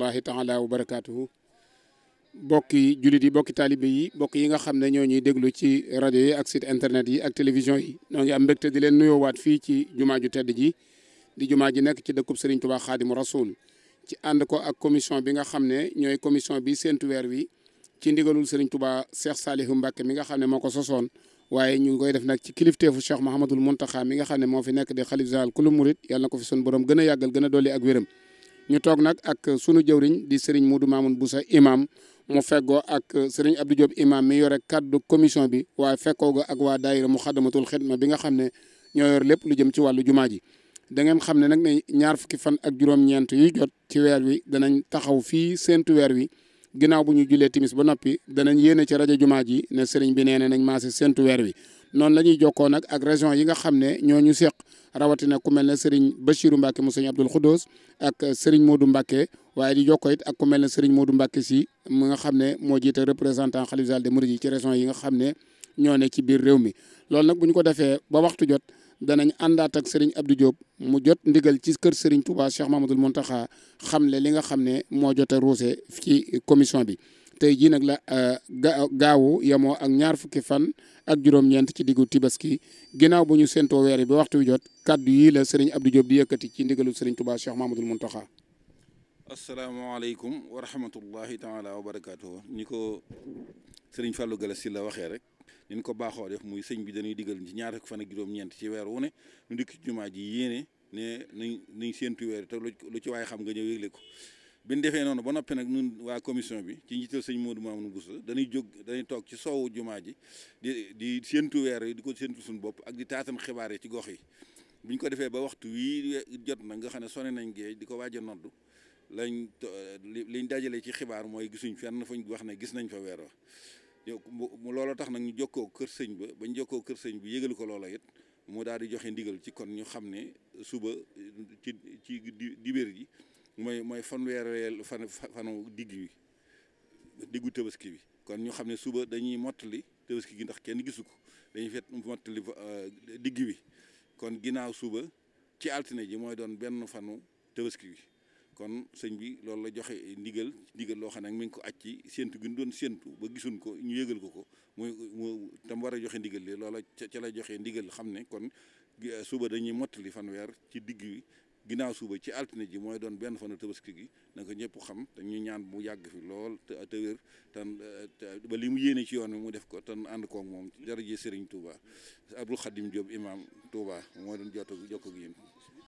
rahmatullahi taala wa barakaatuhu bokki jullit yi bokki taalibe yi bokk yi nga xam ne ñoo ñuy déglu ci rajo yi ak site internet yi ak télévision yi ñoo ngi am mbégte di leen nuyoowaat fii ci jumaa ju tedd ji di jumaa ji nekk ci dëkkub Sëriñ Tuubaa Xaadimu Rasuul ci ànd ko ak commission bi nga xam ne ñooy commission bi séntu weer wi ci ndigalul Sëriñ Tuubaa Cheikh Saalihu Mbàkke mi nga xam ne moo ko sosoon waaye ñu ngi koy def nag ci kilifteefu Cheikh Mahamadul Muntaxa mi nga xam ne moo fi nekk di xalif zaal kulu murit yàlla ko fi sun borom gën a yàggal gën a dolli ak wéram ñu toog nag ak sunu jëwriñ di Serigne Modou Mamoun Boussa imaam mu feggoo ak Serigne Abdou Diop imam mi yore kaddu commission bi waaye fekkoo ga ak waa daayira mu xadamatul ma bi nga xam ne ñoo yor lépp lu jëm ci wàllu jumaa ji da ngeen xam ne nag ne ñaar fukki fan ak juróom-ñeent yu jot ci weer wi danañ taxaw fii séentu weer wi ginnaaw bu ñu julee timis ba noppi danañ yéene ci rajo jumaa ji ne sëriñ bi nee nañ maase séentu weer wi noonu la ñuy jokkoo nag ak région yi nga xam ne ñoo ñu seq rawatina ku mel ne Serigne Bachirou Mbacke mu sëñ Abdoul Khoudous ak Serigne Modou Mbacke waaye di jokkoo ak ku ne Serigne Modou Mbacke si mu nga xam ne moo jiite représentant Khalife général des ci région yi nga xam ne ñoo ci biir réew mi loolu nag bu ko defee ba waxtu jot danañ àndaat ak Serigne Abdou Diop mu jot ndigal ci kër Serigne Touba Cheikh Mamadou xam le li nga xam ne moo jot a ruuse ci commission bi. tey jii nag la euh, gaawu yamoo ak ñaar fukki fan ak juróom-ñeent ci diggu Tabaski ginnaaw bu ñu séentoo weer yi ba waxtu jot kàddu yii la sëriñ Abdou Diop di yëkkati ci ndigalu sëriñ Touba Cheikh Mahmadul Muntaxa asalaamaaleykum wa rahmatullahi taala wa barakaatu ni ko sëriñ Fallou Galas si la waxee rek niñ ko baaxoo def muy sëñ bi dañuy digal ci ñaar fukki fan ak juróom-ñeent ci weer wu ne ñu dikk jumaa ji yéene ne nañ nañ séentu weer te lu ci waaye xam nga ñëw yëgle ko bi ñu defee noonu ba noppee nag ñun waa commission bi ci njiital sëñ Modou Mamoun Bousso dañuy jóg dañuy toog ci soowu jumaa ji di di séentu weer yi di ko séentu suñu bopp ak di taatam xibaar yi ci gox yi bu ñu ko defee ba waxtu wii jot na nga xam ne sone nañ gee di ko waaj a noddu lañ liñ dajale ci xibaar mooy gisuñ fenn fuñ wax ne gis nañ fa weer wa mu looloo tax nag ñu koo kër sëñ ba ba bañ jokkoo kër sëñ bi yëgal ko loola it moo daal di joxe ndigal ci kon ñu xam ne suba ci ci dibéer ji mooy mooy fanweereel fan fanu digg bi diggu tabaski bi kon ñu xam ne suba dañuy mottali tabaski gi ndax kenn gisu ko dañuy fet mottali euh, digg bi kon ginnaaw suba ci altine ji mooy doon benn fanu tabaski bi kon sëñ bi loolu la joxe ndigal ndigal loo xam ne ko aj ci séntu gi doon séntu ba gisuñ ko ñu yëgal ko ko muy mu war a joxe ndigal li loola ca la joxe ndigal xam ne kon suba dañuy mottali fanweer ci digg bi ginnaaw suba ci altine ji mooy doon benn fanu tabaski gi na ko xam te ñu ñaan mu yàgg fi lool te te wér tan ba li mu yéene ci yoon wi mu def ko tan ànd kook moom dara ji sëriñ Touba Abdou Khadim Diop imam Touba moo doon jot a jokk ak